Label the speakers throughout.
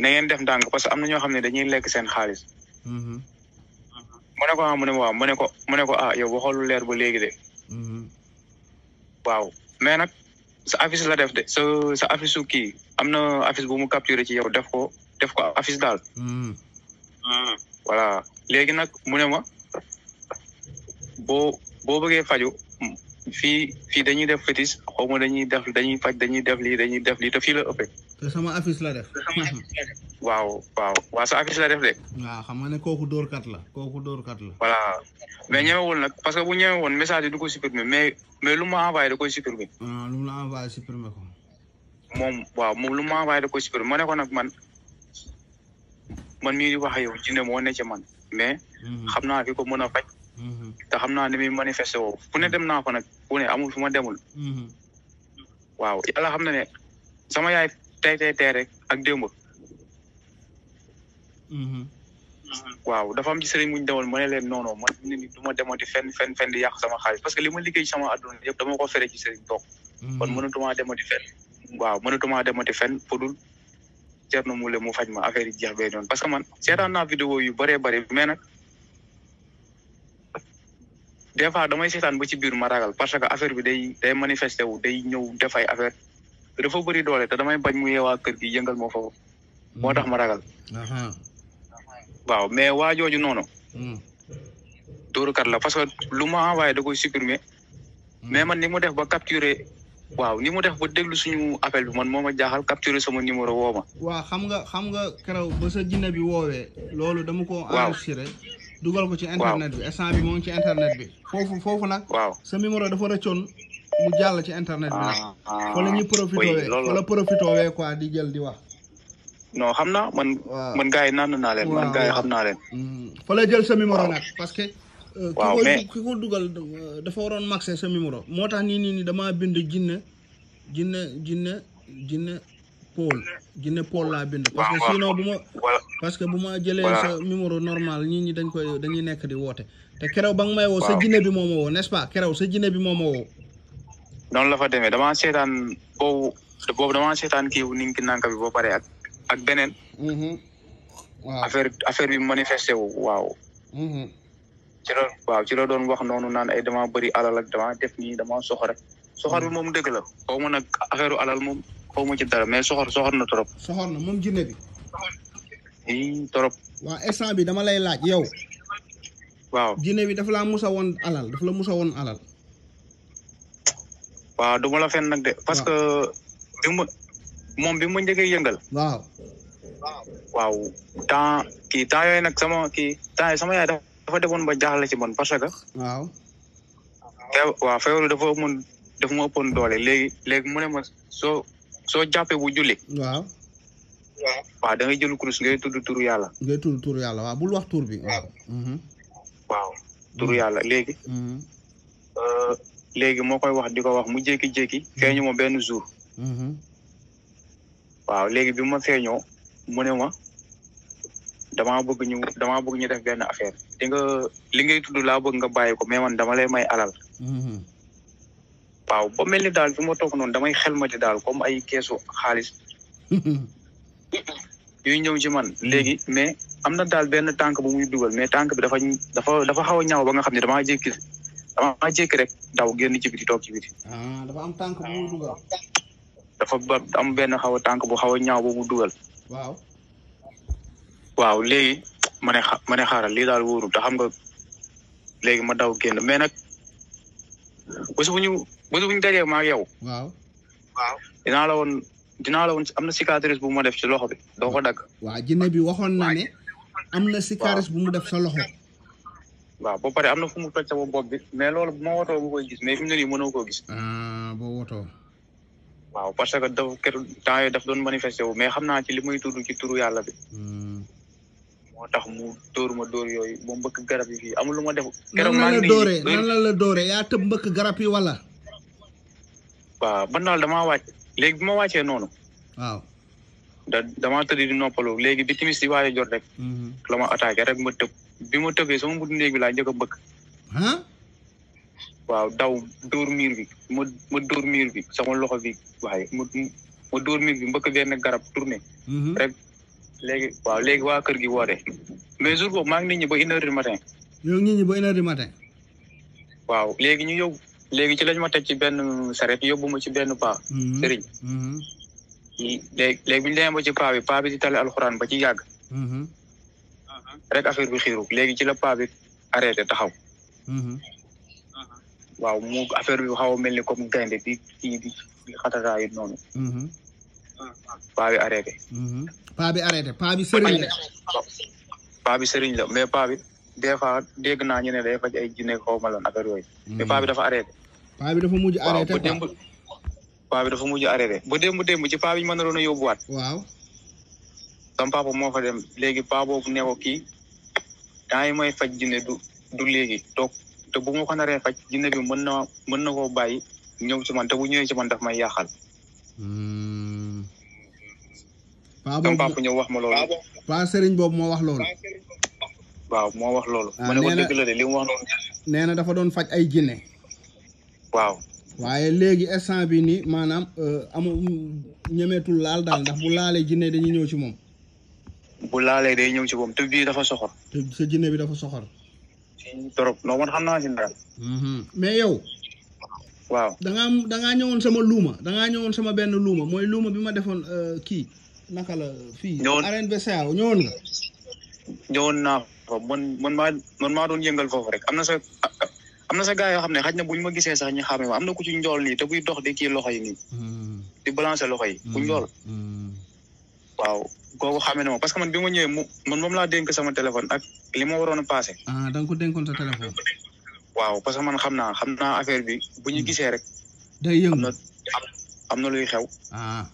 Speaker 1: na ngeen def ndànk parce que am na ñoo xam ne dañuy lekk seen xaalis. Mm-hmm. mu ne ko ah mu ne waaw mu ne ko mu ne ko ah yow waxoon lu leer ba léegi de. Mm-hmm. waaw mais nag sa affiche la def de sa sa affiche su kii am na affiche bu mu capturé ci yow def ko def ko affiche daal. Mm-hmm. voilà léegi nag mu ne ma boo boo bëggee faju fii dañuy def fétiche xaw ma dañuy def dañuy faj dañuy def lii dañuy def lii te fii la ëppee.
Speaker 2: sama affice la def.
Speaker 1: waaw waaw waaw sa affiche la def de.
Speaker 2: waaw xam nga ne kooku dóorkat la kooku dóorkat la.
Speaker 1: voilà mais ñemewul nag parce que bu ñemewoon message yi du ko supprimer mais mais lu ma envoyé da koy supprimer.
Speaker 2: ah lu ma envoyé supprimer ko.
Speaker 1: moom waaw moom lu ma envoyé da koy supprimer ma ne ko nag man man mii di wax yow jinne moo ne ci man mais. Mhm. xam naa fi ko mën a faj. Mhm. te xam naa ni muy manifesté woo fu ne mhm. dem naa fa nag fu ne amul fu ma demul. waaw yàlla xam na ne sama yaay. tey tey tey rek ak démb.
Speaker 2: Mm-hmm. Mm-hmm.
Speaker 1: waaw dafa am ci sëriñ bu ma ne leen noono non man ne ni du ma demooti fenn fenn di yàq sama xaalis parce que li ma liggéey sama àdduna yëpp dama ko fere ci sëriñ toog.
Speaker 2: Mm-hmm. kon
Speaker 1: mënatumaa demati fenn. waaw mënatumaa demati fenn podul Thierno Moule mu faj ma affaire yi jeex bee noonu parce que man seetaan naa vidéo yu bëree bëri mais nag des damay seetaan ba ci biir ma ragal parce que affaire bi day day manifesté wu day ñëw def ay affaire. te dafa bëri doole te damay bañ mu yeewaa kër gi yëngal ma foofu moo tax ma ragal waaw mais waa jooju noonu hmm. dóorukat la parce que lu ma envoyé da koy supprimer hmm. mais man ni mu def ba capturer waaw ni mu def ba déglu suñu appel bi man moom a jaaxal capturer sama numéro wooma
Speaker 2: waa xam nga xam nga keroog ba sa jinne bi woowee loolu dama ko enregistré dugal ko ci internet bi instant bi moo ci internet bi foofu foofu nag waaw sa numéro dafa rëccoon mu jàll ci internet bi nag. Ah, wala ñu profité wala profité wee quoi di jël di wax.
Speaker 1: non xam naa man. man gars yi naan naa leen. man xam naa leen.
Speaker 2: Mm-hmm. fa la jël sa numéro nag parce que. Euh, ki ko dugal euh, dafa waroon maxé sa numéro. moo tax nii nii nii damaa bind jinne jinne jinne jinne Paul jinne laa bind. parce que sinon bu ma. parce que bu ma jëlee sa numéro normal ñii ñi dañ koy dañu nekk di woote. te kerew ba nga may woo sa jinne bi moo ma woo n'est-ce pas kerew sa jinne bi moo woo.
Speaker 1: noonu la fa demee damaa seetaan boobu boobu damaa seetaan kii bi boo pare ak ak beneen. Mm-hmm. waaw affaire affaire bi manifesté wu waaw. Mm-hmm. ci la ci la doon wax noonu naan ay dama bëri alal ak dama def nii dama soxor soxor bi mm-hmm. moom dëgg la xaw ma alal moom xaw ma ci dara mais soxor soxor na trop. soxor na moom jinne bi. trop. waaw instant bi dama lay laaj yow. waaw
Speaker 2: jinne bi dafa laa musa woon alal daf la musa woon alal.
Speaker 1: waaw du ma la fen nag de parce que bi mu moom bi mu njëkkee yëngal. waaw. waaw temps kii temps yooyu nag sama kii temps yi sama dafa demoon ba jaaxle ci man parce que. waaw. waaw feebaru dafa mën dafa ma doole léegi léegi mu ne ma soo soo jàppee bu julli. waaw. waaw da ngay jël kurus ngay tudd turu yàlla.
Speaker 2: ngay tudd turu yàlla waaw bul wax tur bi. waaw. Mhm. waaw turu yàlla
Speaker 1: mhm. euh, léegi moo koy wax di ko wax mu jékki-jékki hmm. feeñu ma benn jour hmm. waaw léegi bi ma feeñoo mu ne ma damaa bëgg ñu damaa bëgg ñu def benn affaire di nga li ngay tudd laa bëgg nga bàyyi ko mais man dama lay may alal hmm. waaw ba mel daal fi ma toog noonu damay xel ma di daal comme ay keesu xaalis yuy ñëw ci man léegi mais am na daal benn tànk bu muy dugal mais tànk bi dafa dafa dafa xaw a ñaaw ba nga xam ne damaa jékki dama jékki rek daw génn ci biti toog ci biti.
Speaker 2: ah dafa am tànk bu
Speaker 1: mu dugal. dafa am benn xaw a tànk bu xaw a ñaaw bu mu dugal. waaw. waaw ma xa ma ne xaaral lii daal wóorul te xam nga léegi ma daw génn mais nag bés bu ñu buñ bu ñu dajee ma ak yow. waaw. waaw dinaa la woon dinaa la woon am na cicatrice bu ma def ci loxo bi doo ko dagg.
Speaker 2: waaw jinne bi waxoon na ne. am na cicatrice bu mu def sa loxo.
Speaker 1: waaw ba pare am na fu mu toj sama bopp bi mais loolu bu ma wootoo bu koy gis mais fi mu ne nii mënoo koo gis. Ah, boo wootoo. waaw parce que dafa kër temps yooyu daf doon manifesté wu mais xam naa ci li muy tudd ci turu yàlla bi. Hmm. moo tax mu dóor ma dóor yooyu ba mbëkk garab yi fii amul lu ma def. keroog maa ngi nii nan la
Speaker 2: la dóoree yaa tëb mbëkk garab yi wala.
Speaker 1: waaw ba daal damaa wàcc léegi bi ma wàccee noonu. waaw. da damaa tëdd di noppalu léegi bi timis di waaye jot rek. Hmm. la ma attaqué rek ma tëb. bi ma tëbee sama mbutu néeg bi laa njëkk a bëgg. waaw daw dóor miir bi ma ma dóor miir bi sama loxo bi waaye ma ma dóor miir bi mbëkk benn garab tourné. Mhm. rek léegi waaw léegi waa kër gi woote. mais jour boobu maa ngi nit ñi ba une heure du matin. ñoo ngi waaw léegi ñu yóbbu léegi ci lañ ma teg ci benn saret yóbbu ma ci benn paa.
Speaker 2: Mhm, sëriñ. Mhm.
Speaker 1: léegi léegi bi ñu ba ci paa bi paa bi ci tali alxuraan ba ci yàgg. rek affaire bi xiiru léegi ci la paa bi arrêté taxaw. Mhm. waaw mu affaire bi xaw a mel ni comme gaynde bi kii mhm. bi xatataayu noonu. Mhm. paa bi arrêté.
Speaker 2: paa bi arrêté paa bi
Speaker 1: bi sëriñ la mais paa bi de fois dégg naa ñu ne day faj ay jinne xaw ma lan affaire yooyu. mais paa bi dafa arrêté. paa bi dafa mujj arrêté waaw ba démb. paa bi dafa mujj arrêté ba démb démb ci paa bi ñu mën a sama papa moo fa dem léegi paa boobu new ko kii temps yi mooy faj jinne du du léegi toog te bu ma ko naree faj jinne bi mën na mën na koo bàyyi ñëw ci man bu ñëwee ci man daf may yàqal. Hmm. paa boobu sama ñëw wax ma lool
Speaker 2: paa sëriñ boobu moo wax loolu.
Speaker 1: waaw moo wax loolu. Ah, ma ne ko dëgg la de li
Speaker 2: na dafa doon faj ay jinne waaw. waaye léegi instant bi nii maanaam euh, amul ñemeetul laal daal ndax bu laalee jinne dañuy ñëw ci moom.
Speaker 1: bu laalee day ñëw ci boobu tëb bi dafa soxor.
Speaker 2: tëb sa jinne bi dafa soxor.
Speaker 1: trop non man xam naa si mm-hmm. mais yow. waaw
Speaker 2: danga ngaa da ngaa ñëwoon sama luuma da ngaa ñëwoon sama benn luuma mooy luuma bi ma defoon euh, kii naka la fii. ñëwoon arène
Speaker 1: BCA ñëwoon nga. ñëwoon naa fa man man maa man maa doon yëngal foofu rek am na sa am na sa gars yoo xam ne xaj na bu ñu ma gisee sax ñi xàmme ma am na ku ci njool nii te buy dox di kii loxo yi nii. Mm-hmm. di balancer loxo yi. ku njool. Mm-hmm. waaw googu xamee na ma parce que man bi ma ñëwee mu man moom laa dénk sama téléphone ak li ma waroon a passé.
Speaker 2: ah dénkoon sa téléphone.
Speaker 1: waaw parce que man xam naa xam naa affaire bi bu ñu hmm. gisee rek. day yëngu am na luy xew. ah.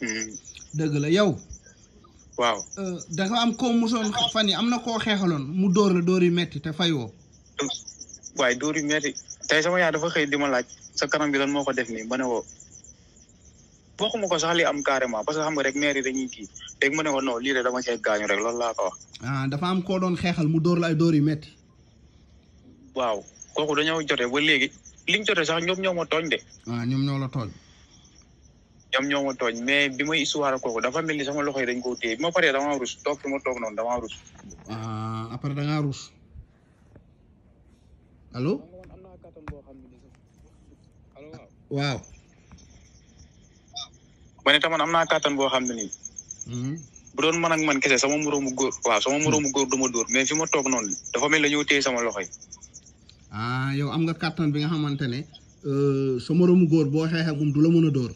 Speaker 1: Hmm.
Speaker 2: dëgg la yow. waaw. Euh, da nga am koo mosoon fan yi am na koo xeexaloon mu dóor la dóor yu metti te fayoo.
Speaker 1: waaye dóor yu metti tey sama yaay dafa xëy di ma laaj sa kanam bi lan moo ko def nii ma ne waxuma ko sax li am carrément parce que xam nga rek maire yi dañuy kii léegi mu ne ko non lii de dama cee rek loolu laa ko wax.
Speaker 2: Ah, dafa am koo doon xeexal mu dóor la ay dóor yu métti.
Speaker 1: waaw kooku dañoo jote ba léegi liñ jote sax ñoom ñoo ma tooñ de.
Speaker 2: waaw ah, ñoom ñoo la tooñ.
Speaker 1: ñoom ñoo ma tooñ mais bi may histoire kooku dafa mel ni sama loxo yi dañ koo téye bi ma paree damaa rus toog fi ma toog noonu damaa rus.
Speaker 2: a ah, après da ngaa rus
Speaker 1: allo. waaw. ma ne taman am na kàttan boo xam ne nii hmm. bu doon man ak man kese sama moroomu góor waaw sama moroomu góor du ma dóor mais fi ma toog noonu dafa mel la ñëw téye sama loxo yi
Speaker 2: ah yow am nga kàttan bi nga xamante ne euh, sa moroomu góor boo xeexee moom du la mën a door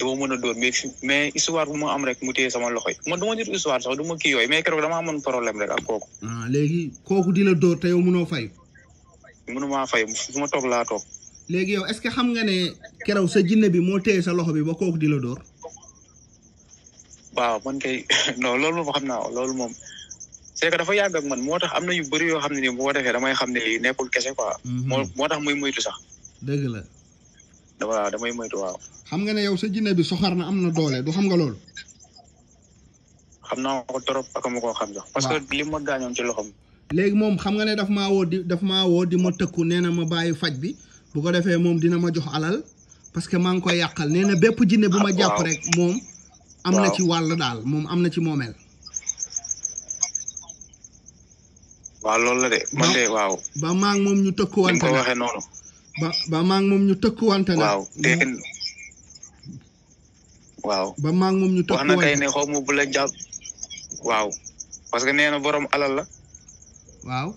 Speaker 1: du ma mën a dóor me mais histoire bu ma am rek mu téye sama loxo yi man du ma jot histoire sax du ma kii yooyu mais keroog dama amoon problème rek ak kooku
Speaker 2: ah léegi kooku di la dóor te yow mënoo fay
Speaker 1: mënumaa fay fu ma toog laa toog léegi yow est-ce que xam nga
Speaker 2: keroog sa jinne bi moo téye sa loxo bi ba kooku di la dóor.
Speaker 1: waaw man kay non loolu moom xam naa loolu moom c'est dafa yàgg ak man moo tax am na yu bëri yoo xam ne nii bu ko damay xam ne lii nekkul kese ko mhm. moo moo tax muy moytu sax. dëgg la. waaw damay moytu waaw.
Speaker 2: xam nga ne yow sa jinne bi soxar na am na doole du xam nga loolu.
Speaker 1: xam naa ko trop ak ma xam sax. parce que li ma gaañoon ci loxoom.
Speaker 2: léegi moom xam nga ne daf maa woo di daf ma woo di ma tëkku nee na ma bàyyi faj bi bu ko defee moom dina ma jox alal parce que maa ngi koy yàqal nee na bépp jinne bu ma ah, jàpp rek moom am na ci wàll daal moom am na ci moomeel
Speaker 1: waaw loolu la de waaw
Speaker 2: ba maa ngi moom ñu tëkkuwante ko waxee noonu maa ngi moom ñu tëkkuwante na waaw waaw ba maa moom ñu tëkkuwante wax na tey ne
Speaker 1: xaw jàpp waaw parce que nee na borom alal la waaw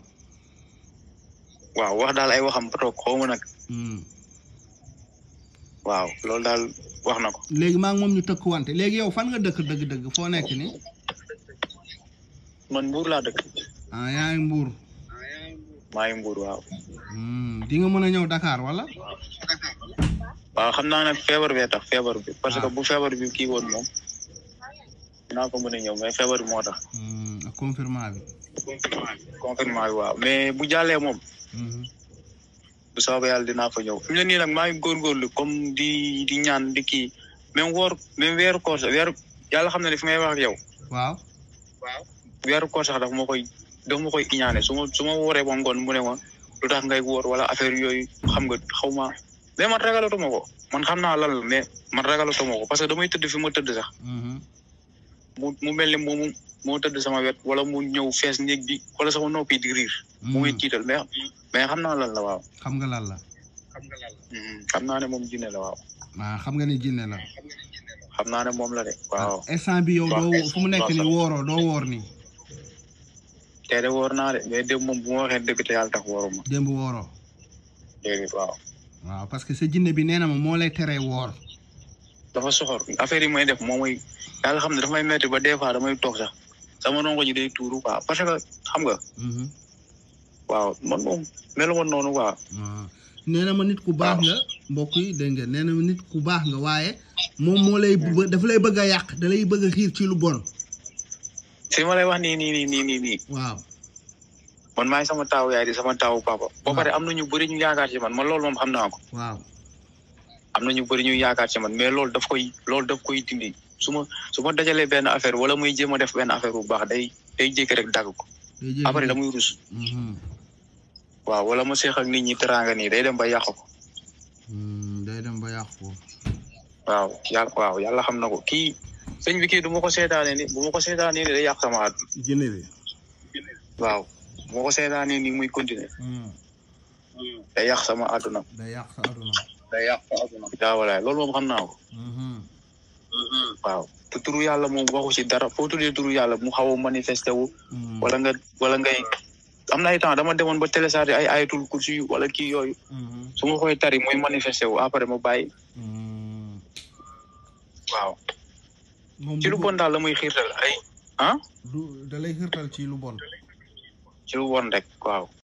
Speaker 1: wax daal ay waxam toog xaw waaw loolu daal wax na ko.
Speaker 2: léegi maa ngi moom ñu tëkkuwante léegi yow fan nga dëkk dëgg-dëgg foo nekk ni
Speaker 1: man Mbour laa dëkk.
Speaker 2: ah yaa ngi Mbour.
Speaker 1: maa ngi Mbour waaw.
Speaker 2: Hmm, di nga mën a ñëw Dakar wala.
Speaker 1: waaw xam naa nag feebar bee tax feebar bi. parce que ah. bu feebar bi kii woon moom. dinaa ko mën a ñëw mais feebar bi moo tax. Hmm,
Speaker 2: confirmation bi.
Speaker 1: confirmation bi waaw mais bu jàllee moom. Hmm. bu soobee a dinaa fa ñëw fi mu ne nii nag maa ngi góorgóorlu comme di di ñaan di kii même woor même weeru koor sax weeru yàlla xam na ne fi may wax ak yow. waaw. waaw weeru koor sax dafa koy dafa ma koy iñaane suma ma su ma wooree ba ngoon mu ne ma lu tax ngay woor wala affaire yooyu xam nga xaw ma mais man ragalatuma ko man xam naa lan la mais man ragalatuma ko parce que damay tëdd fi ma tëdd sax. Mm-hmm. mu mu mel moo tëdd sama wet wala mu ñëw fees néeg bi wala sama noppi di riir. mu may hmm. tiital mais mais xam naa lan la waaw. xam nga lan la. xam nga lan hmm, xam naa ne moom jinne la waaw.
Speaker 2: ah xam nga ni jinne la.
Speaker 1: xam naa ne moom la de. waaw ah,
Speaker 2: instant bi yow doo mu nekk nii wooroo doo woor nii.
Speaker 1: tey de woor naa de mais démb moom bu ma waxee dëgg te yàlla tax wooruma. démb wooroo. déedéet waaw.
Speaker 2: parce que sa jinne bi nee na ma moo lay teree woor.
Speaker 1: dafa soxor affaire yi may def moom mooy yàlla xam ne dafa may metti ba des fois damay toog sax. sama rongo ji de tuuru quoi parce que xam nga. Mhm. waaw man moom melu woon noonu quoi. Ah.
Speaker 2: nee na ma nit ku baax nga mbokk yi dégg nga nee na ma nit ku baax nga waaye moom moo lay dafa lay bëgg a yàq da lay bëgg xiir ci lu bon.
Speaker 1: si ma lay wax nii nii nii nii nii nii. waaw. man maay sama taawu yaay di sama taawu papa. boo paree am na ñu bari ñu yaakaar ci man ma loolu moom xam naa ko. waaw. am na ñu bëri ñu yaakaar ci man mais loolu daf koy loolu daf koy dindi. su ma su ma dajalee benn affaire wala muy jéem a def benn affaire bu baax day day jékki rek dagg ko après damay rus mhm. waaw wala ma seex ak nit ñi teraanga nii day dem ba yàq ko hmm, day dem ba yàq ko waaw yàlla waaw yàlla xam na ko kii sëñ bi kii du ma ko seetaanee ni bu ma ko seetaanee ni day yàq sama àdduna jinne bi waaw bu ma ko seetaanee ni muy continuer hmm. day yàq sama àdduna
Speaker 2: day yàq sa àdduna
Speaker 1: day yàq sa àdduna daa walaay loolu moom xam naa ko hmm. waaw te turu yàlla moom waxu ci dara foo tuddee turu yàlla mu xaw a manifesté wu. Hmm. wala nga wala ngay am na ay dama demoon ba télécharger ay ayatul kursi wala kii yooyu. Hmm. su ma koy tari muy manifesté wu après ma bàyyi. Hmm. waaw. ci lu bon daal la muy xiirtal ay
Speaker 2: ah. du da lay xiirtal bon.
Speaker 1: ci bon rek waaw.